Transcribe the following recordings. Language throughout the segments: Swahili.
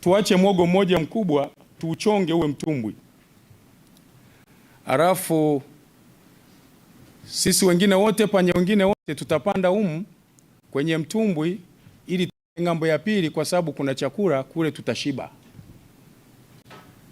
tuache mwogo mmoja mkubwa tuuchonge uwe mtumbwi. alafu sisi wengine wote panya wengine wote tutapanda umu kwenye mtumbwi ili ng'ambo ya pili, kwa sababu kuna chakula kule, tutashiba.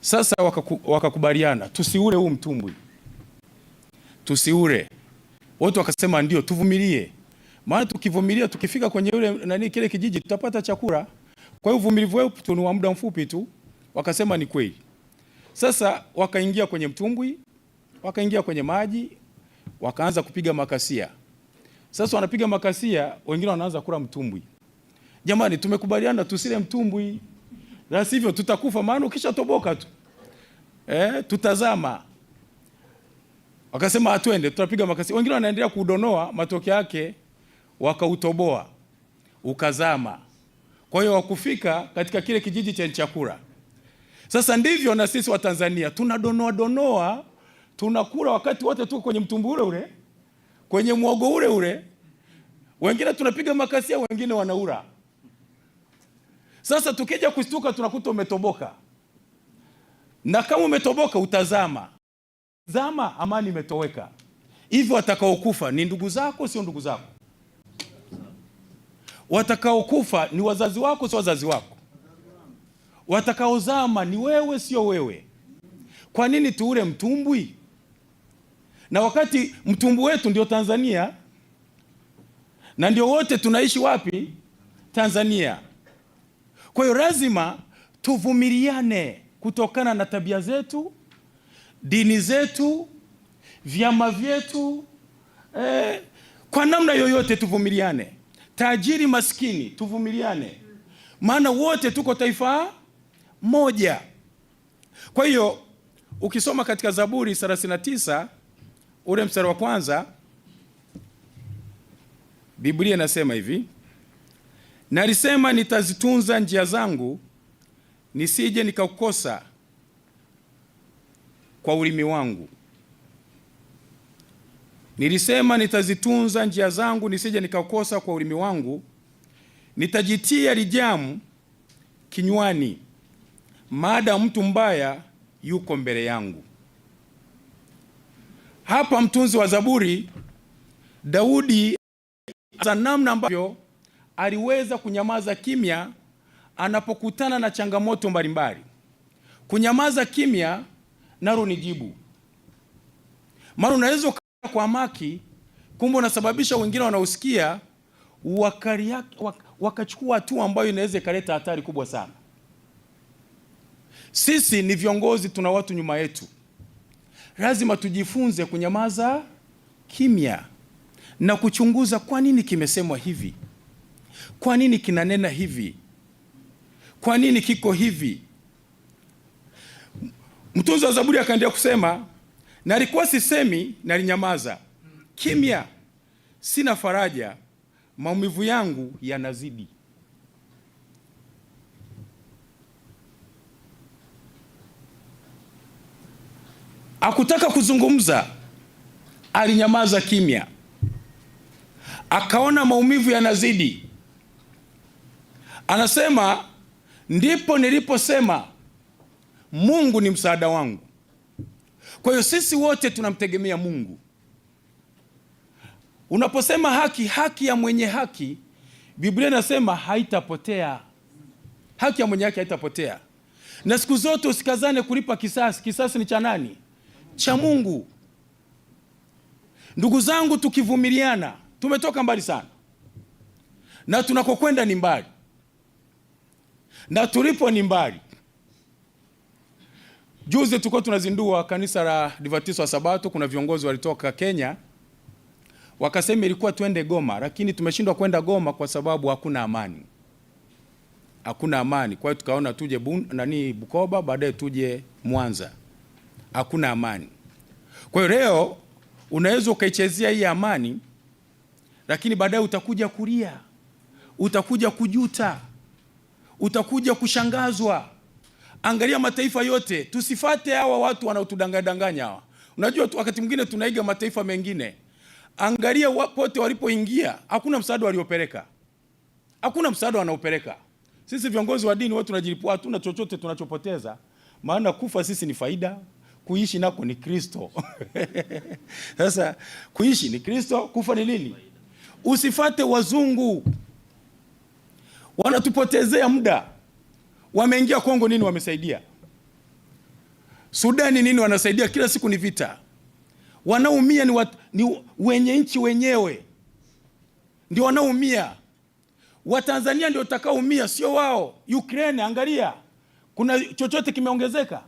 Sasa wakakubaliana waka tusiule huu mtumbwi, tusiule wote. Wakasema ndio, tuvumilie, maana tukivumilia, tukifika kwenye yule nani, kile kijiji tutapata chakula. Kwa hiyo uvumilivu wetu ni wa muda mfupi tu, wakasema ni kweli. Sasa wakaingia kwenye mtumbwi, wakaingia kwenye maji, wakaanza kupiga makasia. Sasa wanapiga makasia, wengine wanaanza kula mtumbwi. Jamani, tumekubaliana tusile mtumbwi, la sivyo tutakufa, maana ukishatoboka tu eh, tutazama. Wakasema hatwende, tutapiga makasia. Wengine wanaendelea kuudonoa, matokeo yake wakautoboa ukazama. Kwa hiyo wakufika katika kile kijiji cha nchakura Sasa ndivyo na sisi Watanzania tunadonoa donoa, tunakula wakati wote, tuko kwenye mtumbu ule ule, kwenye mwogo ule ule, wengine tunapiga makasia, wengine wanaura. Sasa tukija kushtuka, tunakuta umetoboka, na kama umetoboka utazama zama, amani imetoweka. Hivyo watakaokufa ni ndugu zako, sio ndugu zako. Watakaokufa ni wazazi wako, sio wazazi wako. Watakaozama ni wewe, sio wewe. Kwa nini tuule mtumbwi, na wakati mtumbwi wetu ndio Tanzania na ndio wote tunaishi wapi? Tanzania. Kwa hiyo lazima tuvumiliane kutokana na tabia zetu, dini zetu, vyama vyetu, eh, kwa namna yoyote tuvumiliane tajiri maskini, tuvumiliane, maana wote tuko taifa moja. Kwa hiyo ukisoma katika Zaburi 39 ule mstari wa kwanza, Biblia inasema hivi, nalisema nitazitunza njia zangu nisije nikaukosa kwa ulimi wangu. Nilisema nitazitunza njia zangu nisije nikakosa kwa ulimi wangu, nitajitia lijamu kinywani, maada mtu mbaya yuko mbele yangu. Hapa mtunzi wa Zaburi Daudi za namna ambavyo aliweza kunyamaza kimya anapokutana na changamoto mbalimbali. Kunyamaza kimya nalo ni jibu, maana unaweza kwa maki, kumbe unasababisha wengine wanaosikia wakachukua hatua ambayo inaweza ikaleta hatari kubwa sana. Sisi ni viongozi, tuna watu nyuma yetu, lazima tujifunze kunyamaza kimya na kuchunguza kwa nini kimesemwa hivi, kwa nini kinanena hivi, kwa nini kiko hivi. Mtunzi wa Zaburi akaendelea kusema Nalikuwa sisemi, nalinyamaza kimya, sina faraja, maumivu yangu yanazidi. akutaka kuzungumza, alinyamaza kimya, akaona maumivu yanazidi. Anasema ndipo niliposema Mungu ni msaada wangu. Kwa hiyo sisi wote tunamtegemea Mungu. Unaposema haki, haki ya mwenye haki, Biblia inasema haitapotea. Haki ya mwenye haki haitapotea. Na siku zote usikazane kulipa kisasi. Kisasi ni cha nani? Cha Mungu. Ndugu zangu, tukivumiliana, tumetoka mbali sana, na tunakokwenda ni mbali, na tulipo ni mbali Juzi tulikuwa tunazindua kanisa la divatiso wa Sabato. Kuna viongozi walitoka Kenya wakasema ilikuwa twende Goma, lakini tumeshindwa kwenda Goma kwa sababu hakuna amani, hakuna amani. Kwa hiyo tukaona tuje bun, nani Bukoba, baadaye tuje Mwanza, hakuna amani. Kwa hiyo leo unaweza ukaichezea hii amani, lakini baadaye utakuja kulia, utakuja kujuta, utakuja kushangazwa. Angalia mataifa yote, tusifate hawa watu wanaotudanganya hawa. Unajua tu, wakati mwingine tunaiga mataifa mengine. Angalia pote walipoingia, hakuna msaada waliopeleka, hakuna msaada wanaopeleka. Sisi viongozi wa dini watu tunajilipua, hatuna chochote tunachopoteza, maana kufa sisi ni faida, kuishi nako ni Kristo. Sasa kuishi ni Kristo, kufa ni nini? Usifate wazungu, wanatupotezea muda. Wameingia Kongo nini wamesaidia? Sudani nini wanasaidia? Kila siku ni vita, wanaumia ni, wat, ni wenye nchi wenyewe ndio wanaumia. Watanzania ndio utakaoumia, sio wao. Ukraine angalia, kuna chochote kimeongezeka?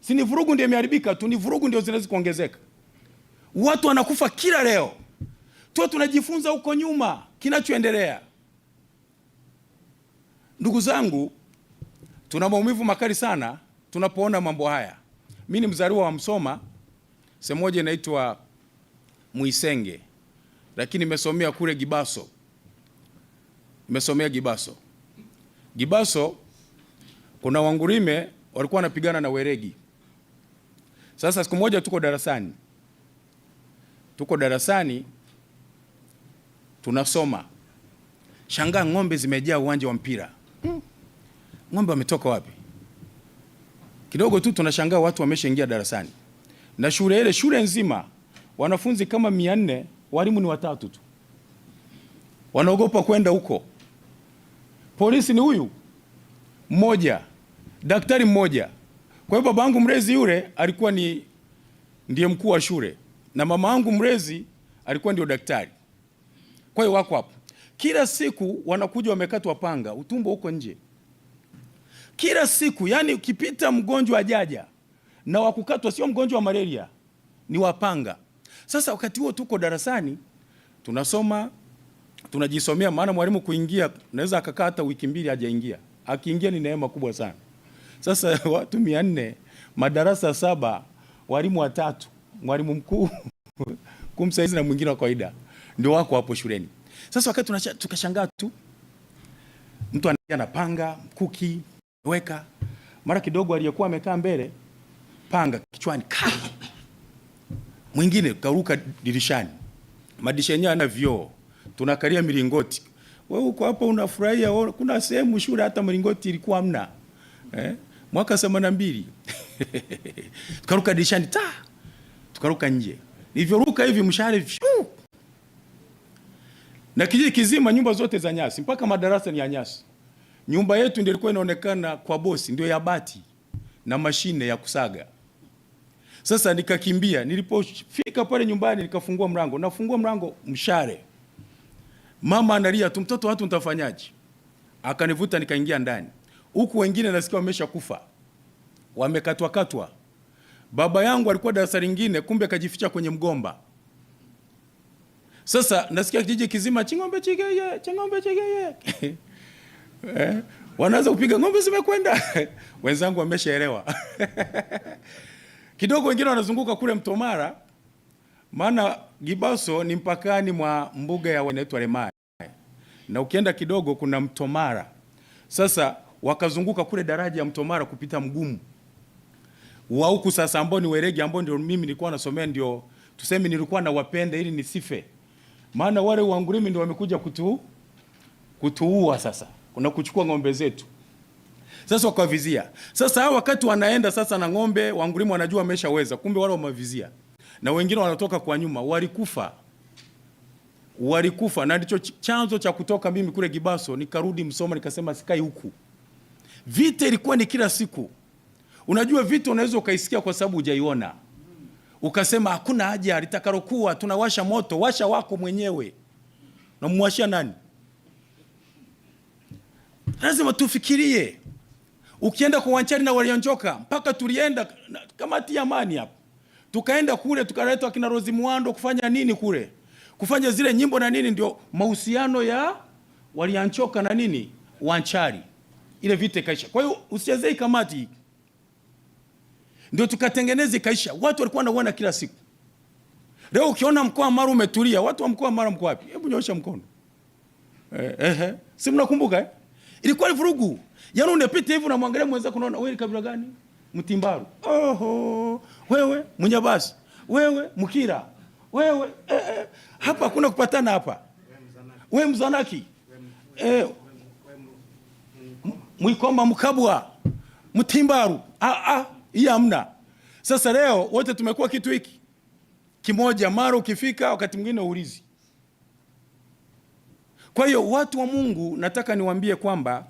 Si ni vurugu ndio imeharibika tu, ni vurugu ndio zinaweza kuongezeka. Watu wanakufa kila leo tu, tunajifunza huko nyuma kinachoendelea. Ndugu zangu, Tuna maumivu makali sana tunapoona mambo haya. Mimi ni mzaliwa wa Msoma, sehemu moja inaitwa Mwisenge, lakini nimesomea kule Gibaso, nimesomea Gibaso. Gibaso kuna wangurime walikuwa wanapigana na Weregi. Sasa siku moja tuko darasani, tuko darasani tunasoma, shangaa ng'ombe zimejaa uwanja wa mpira ng'ombe wametoka wapi? Kidogo tu tunashangaa watu wameshaingia darasani, na shule ile, shule nzima wanafunzi kama mia nne, walimu ni watatu tu, wanaogopa kwenda huko. Polisi ni huyu mmoja, daktari mmoja. Kwa hiyo babangu mrezi yule alikuwa ni ndiye mkuu wa shule na mama yangu mrezi alikuwa ndio daktari. Kwa hiyo wako hapo kila siku, wanakuja wamekatwa panga, utumbo huko nje kila siku. Yani ukipita mgonjwa ajaja na wakukatwa, sio mgonjwa wa malaria, ni wapanga. Sasa wakati huo tuko darasani tunasoma tunajisomea, maana mwalimu kuingia naweza akakaa hata wiki mbili hajaingia, akiingia ni neema kubwa sana. Sasa watu mia nne madarasa saba, walimu watatu, mwalimu mkuu kumsaidia na mwingine wa kawaida, ndio wako hapo shuleni. Sasa wakati tunashangaa tu mtu anaingia na panga mkuki weka. Mara kidogo aliyekuwa amekaa mbele, panga kichwani, kali mwingine karuka dirishani. Madirisha yenyewe yana vioo, tunakalia milingoti. Wewe uko hapo unafurahia. Kuna sehemu shule hata milingoti ilikuwa hamna eh? Mwaka na mbili tukaruka dirishani ta, tukaruka nje. Nilivyoruka hivi mshale na kijiji kizima, nyumba zote za nyasi, mpaka madarasa ni ya nyasi. Nyumba yetu ndio ilikuwa inaonekana kwa bosi ndio ya bati na mashine ya kusaga. Sasa nikakimbia, nilipofika pale nyumbani nikafungua mlango, nafungua mlango mshare, mama analia tu, mtoto watu nitafanyaje? Akanivuta nikaingia ndani, huku wengine nasikia wamesha kufa wamekatwa katwa. Baba yangu alikuwa darasa lingine, kumbe akajificha kwenye mgomba. Sasa nasikia kijiji kizima ching'ombe chigeye, ching'ombe chigeye eh? Wanaweza kupiga ng'ombe zimekwenda. Wenzangu wameshaelewa kidogo, wengine wanazunguka kule Mtomara, maana Gibaso ni mpakani mwa mbuga ya inaitwa Lemae, na ukienda kidogo kuna Mtomara. Sasa wakazunguka kule daraja ya Mtomara kupita Mgumu wa huku sasa, ambao ni Weregi, ambao ndio mimi nilikuwa nasomea, ndio tuseme nilikuwa nawapenda ili nisife, maana wale wangurimi ndio wamekuja kutu kutuua sasa na kuchukua ng'ombe zetu. Sasa wakavizia. Sasa hao wakati wanaenda sasa na ng'ombe, wangulima wanajua wameshaweza, kumbe wale wamavizia. Na wengine wanatoka kwa nyuma, walikufa. Walikufa na ndicho chanzo cha kutoka mimi kule Gibaso nikarudi Msoma nikasema sikai huku. Vita ilikuwa ni kila siku. Unajua vita unaweza ukaisikia kwa sababu hujaiona. Ukasema hakuna haja litakalokuwa tunawasha moto, washa wako mwenyewe. Namwashia nani? lazima tufikirie. Ukienda kwa Wanchari na Walionjoka, mpaka tulienda kamati ya amani hapo, tukaenda kule tukaletwa kina Rozi Mwando kufanya nini kule, kufanya zile nyimbo na nini, ndio mahusiano ya Walionjoka na nini Wanchari, ile vita ikaisha. Kwa hiyo usichezee kamati ndio tukatengeneza ikaisha. Watu walikuwa wanaona kila siku. Leo ukiona mkoa wa Mara umetulia, watu wa mkoa wa Mara mko wapi? Hebu nyosha mkono. Eh, eh, eh. si mnakumbuka eh? Ilikuwa ni vurugu. Yaani unapita hivi unamwangalia mwenza kunaona wewe kabila gani? Mtimbaru. Oho, wewe Mnyabasi. Wewe Mkira. Wewe eh, eh, hapa hakuna kupatana hapa. Wewe Mzanaki. Eh, Mwikomba Mkabwa. Mtimbaru. Ah ah, hii hamna. Sasa leo wote tumekuwa kitu hiki kimoja, mara ukifika wakati mwingine uulizi kwa hiyo watu wa Mungu, nataka niwaambie kwamba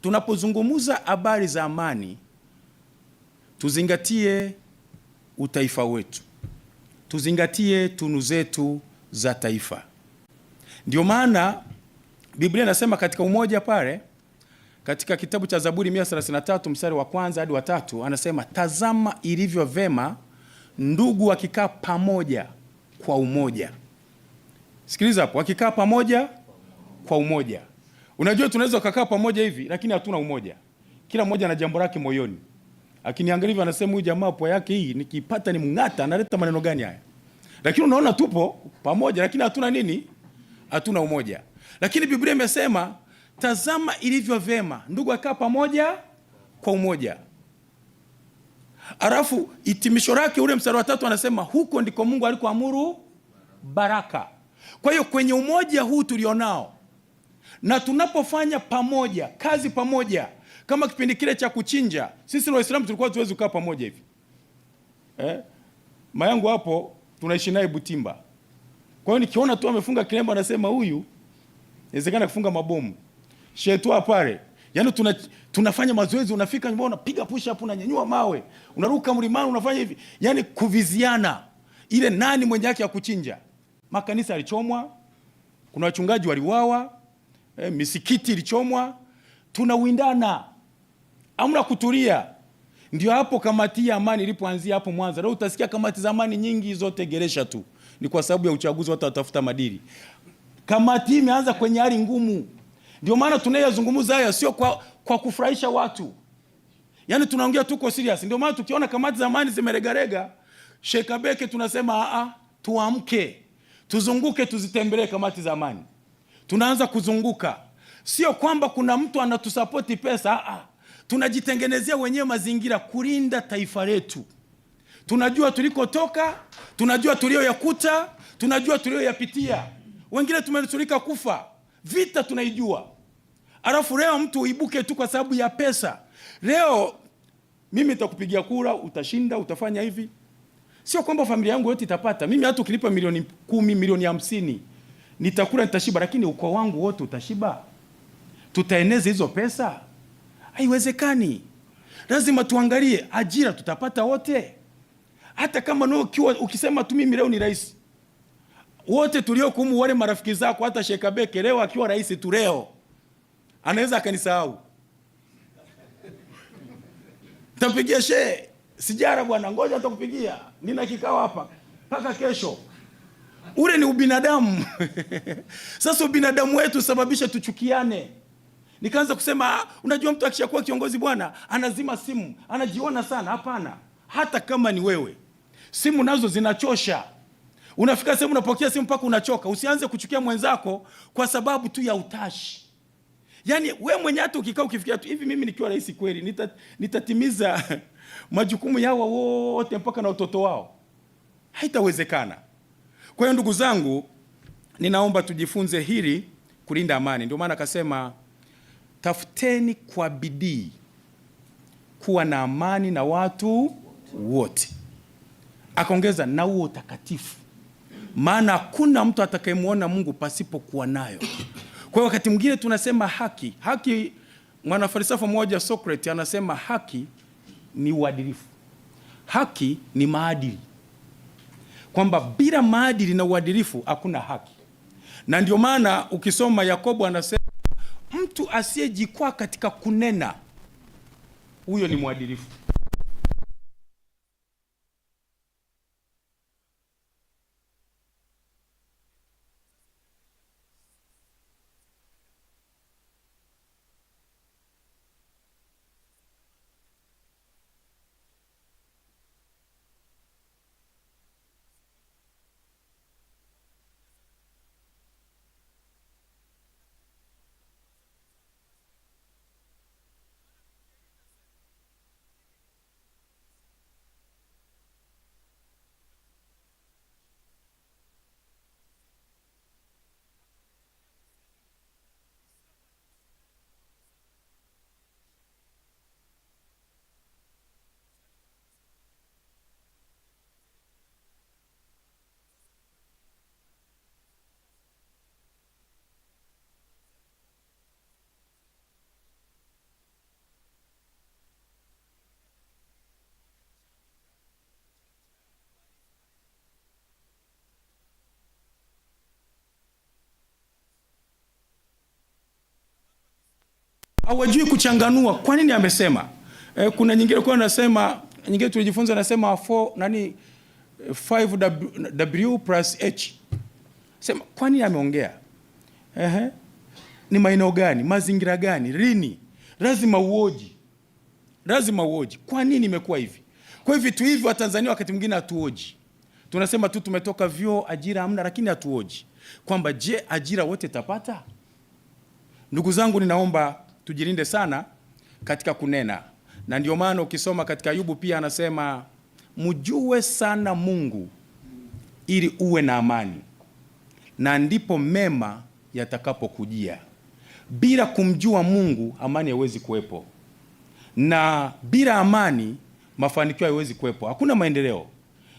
tunapozungumza habari za amani, tuzingatie utaifa wetu, tuzingatie tunu zetu za taifa. Ndio maana Biblia inasema katika umoja pale katika kitabu cha Zaburi 133 mstari wa kwanza hadi wa tatu anasema, tazama ilivyo vema ndugu wakikaa pamoja kwa umoja. Sikiliza hapo, wakikaa pamoja kwa umoja. Unajua, tunaweza kukaa pamoja hivi lakini hatuna umoja, kila mmoja ana jambo lake moyoni. Akiniangalia hivi anasema huyu jamaa pwa yake hii nikipata ni mng'ata, analeta maneno gani haya? Lakini unaona tupo pamoja, lakini hatuna nini? Hatuna umoja. Lakini Biblia imesema tazama ilivyo vema ndugu akaa pamoja kwa umoja. Alafu hitimisho lake ule mstari wa tatu anasema huko ndiko Mungu alikoamuru baraka. Kwa hiyo kwenye umoja huu tulionao na tunapofanya pamoja kazi pamoja, kama kipindi kile cha kuchinja, sisi Waislamu tulikuwa tuwezi kukaa pamoja hivi eh? Mayangu hapo tunaishi naye Butimba. Kwa hiyo nikiona tu amefunga kilemba, anasema huyu inawezekana kufunga mabomu shetua pale Yaani tuna, tunafanya mazoezi, unafika nyumbani unapiga push up, unanyanyua mawe, unaruka mlimani, unafanya hivi, yaani kuviziana ile nani mwenye yake ya kuchinja. Makanisa yalichomwa, kuna wachungaji waliwawa eh, misikiti ilichomwa, tunawindana, amna kutulia. Ndio hapo kamati ya amani ilipoanzia hapo Mwanza. Leo utasikia kamati za amani nyingi zote geresha tu, ni kwa sababu ya uchaguzi, watu watafuta madili. Kamati imeanza kwenye hali ngumu, ndio maana tunayazungumza haya, sio kwa, kwa kufurahisha watu, Yani tunaongea tuko serious. Ndio maana tukiona kamati za amani zimeregarega Shekabeke tunasema a a, tuamke, tuzunguke, tuzitembelee kamati za amani tunaanza kuzunguka. Sio kwamba kuna mtu anatusapoti pesa, aa, tunajitengenezea wenyewe mazingira kulinda taifa letu. Tunajua tulikotoka, tunajua tulioyakuta, tunajua tulioyapitia. Wengine tumenusurika kufa, vita tunaijua, alafu leo mtu uibuke tu kwa sababu ya pesa. Leo mimi takupigia kura, utashinda, utafanya hivi. Sio kwamba familia yangu yote itapata. Mimi hata ukilipa milioni kumi, milioni hamsini nitakula nitashiba, lakini ukoo wangu wote utashiba? Tutaeneza hizo pesa? Haiwezekani. Lazima tuangalie ajira tutapata wote, hata kama no, ukiwa, ukisema tu mimi leo ni rais wote tuliokumu wale marafiki zako, hata Abeke leo akiwa rais tu leo anaweza akanisahau, tapigia she sijara bwana, ngoja nitakupigia, nina kikao hapa mpaka kesho. Ule ni ubinadamu. Sasa ubinadamu wetu sababisha tuchukiane. Nikaanza kusema, unajua mtu akishakuwa kiongozi bwana, anazima simu, anajiona sana. Hapana, hata kama ni wewe, simu nazo zinachosha. Unafika sehemu unapokea simu mpaka unachoka. Usianze kuchukia mwenzako kwa sababu tu ya utashi. Yaani we mwenyewe hata ukikaa ukifikia tu hivi, mimi nikiwa rais kweli nita, nitatimiza majukumu yao wote mpaka na watoto wao? Haitawezekana. Kwa hiyo ndugu zangu, ninaomba tujifunze hili kulinda amani. Ndio maana akasema, tafuteni kwa bidii kuwa na amani na watu wote, akaongeza na huo utakatifu, maana hakuna mtu atakayemwona Mungu pasipokuwa nayo. Kwa hiyo wakati mwingine tunasema haki haki, mwanafalsafa mmoja Socrates anasema haki ni uadilifu, haki ni maadili kwamba bila maadili na uadilifu hakuna haki, na ndio maana ukisoma Yakobo anasema mtu asiyejikwaa katika kunena huyo ni mwadilifu. hawajui kuchanganua kwa nini amesema. E, kuna nyingine kuwa nasema nyingine tulijifunza nasema 4 nani 5W plus H. Sema kwa nini ameongea? Ehe. Ni maeneo gani? Mazingira gani? Lini? Lazima uoji. Lazima uoji. Kwa nini imekuwa hivi? Kwa hiyo vitu hivi Watanzania wakati mwingine hatuoji. Tunasema tu tumetoka vyo ajira hamna, lakini hatuoji kwamba je, ajira wote tapata? Ndugu zangu, ninaomba tujilinde sana katika kunena, na ndio maana ukisoma katika Ayubu pia anasema mjue sana Mungu ili uwe na amani, na ndipo mema yatakapokujia. Bila kumjua Mungu amani haiwezi kuwepo, na bila amani mafanikio haiwezi kuwepo, hakuna maendeleo,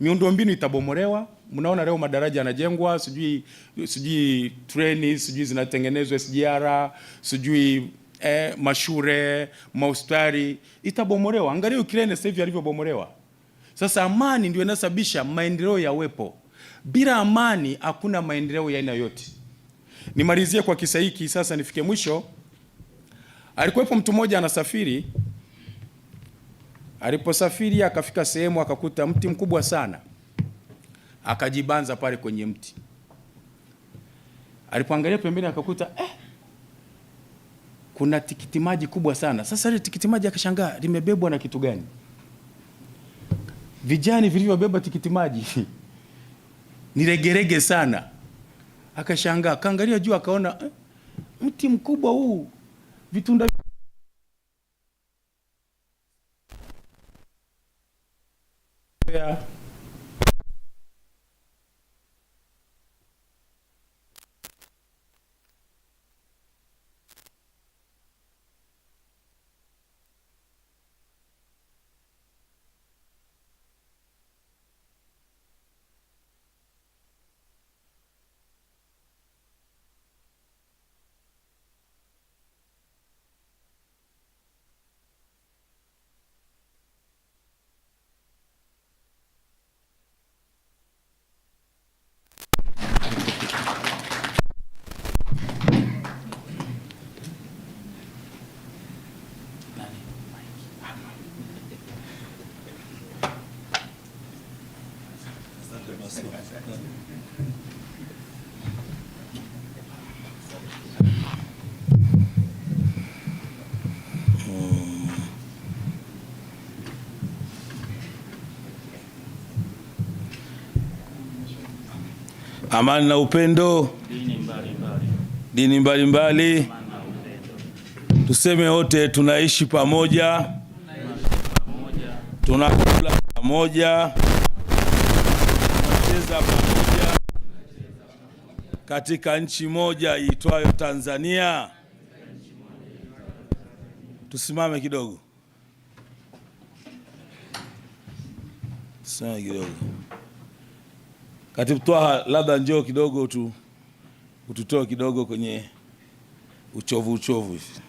miundombinu itabomolewa. Mnaona leo madaraja yanajengwa, sijui sijui treni, sijui zinatengenezwa SGR, sijui eh, mashure, mahospitali itabomolewa. Angalia Ukraine sasa hivi alivyobomolewa. Sasa amani ndio inasababisha maendeleo yawepo. Bila amani hakuna maendeleo ya aina yote. Nimalizie kwa kisa hiki sasa nifike mwisho. Alikuwepo mtu mmoja anasafiri. Aliposafiri akafika sehemu akakuta mti mkubwa sana, akajibanza pale kwenye mti. Alipoangalia pembeni akakuta eh, kuna tikiti maji kubwa sana. Sasa ile tikiti maji akashangaa limebebwa na kitu gani? Vijani vilivyobeba tikiti maji ni regerege sana. Akashangaa, kaangalia juu, akaona eh, mti mkubwa huu vitunda yeah. Hmm. Amani na upendo, dini mbalimbali tuseme wote tunaishi pamoja, tunakula pamoja, tuna katika nchi moja iitwayo Tanzania. Tusimame kidogo, tusimame kidogo. Katibu Twaha, labda njoo kidogo tu ututoe kidogo kwenye uchovu uchovu hivi.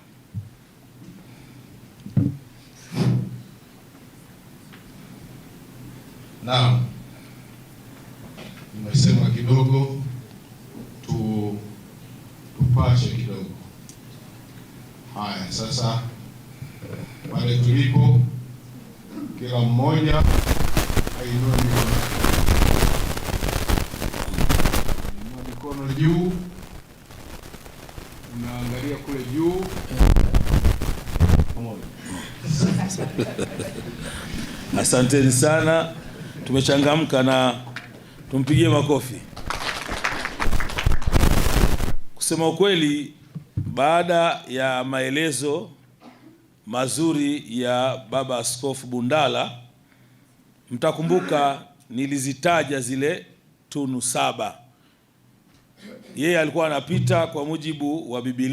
Naam, nimesema kidogo pache kidogo. Haya, sasa pale tulipo, kila mmoja ainue mikono juu, unaangalia kule juu. Asanteni sana, tumechangamka na tumpigie makofi. Kusema ukweli, baada ya maelezo mazuri ya Baba Askofu Bundala, mtakumbuka nilizitaja zile tunu saba. Yeye alikuwa anapita kwa mujibu wa Biblia.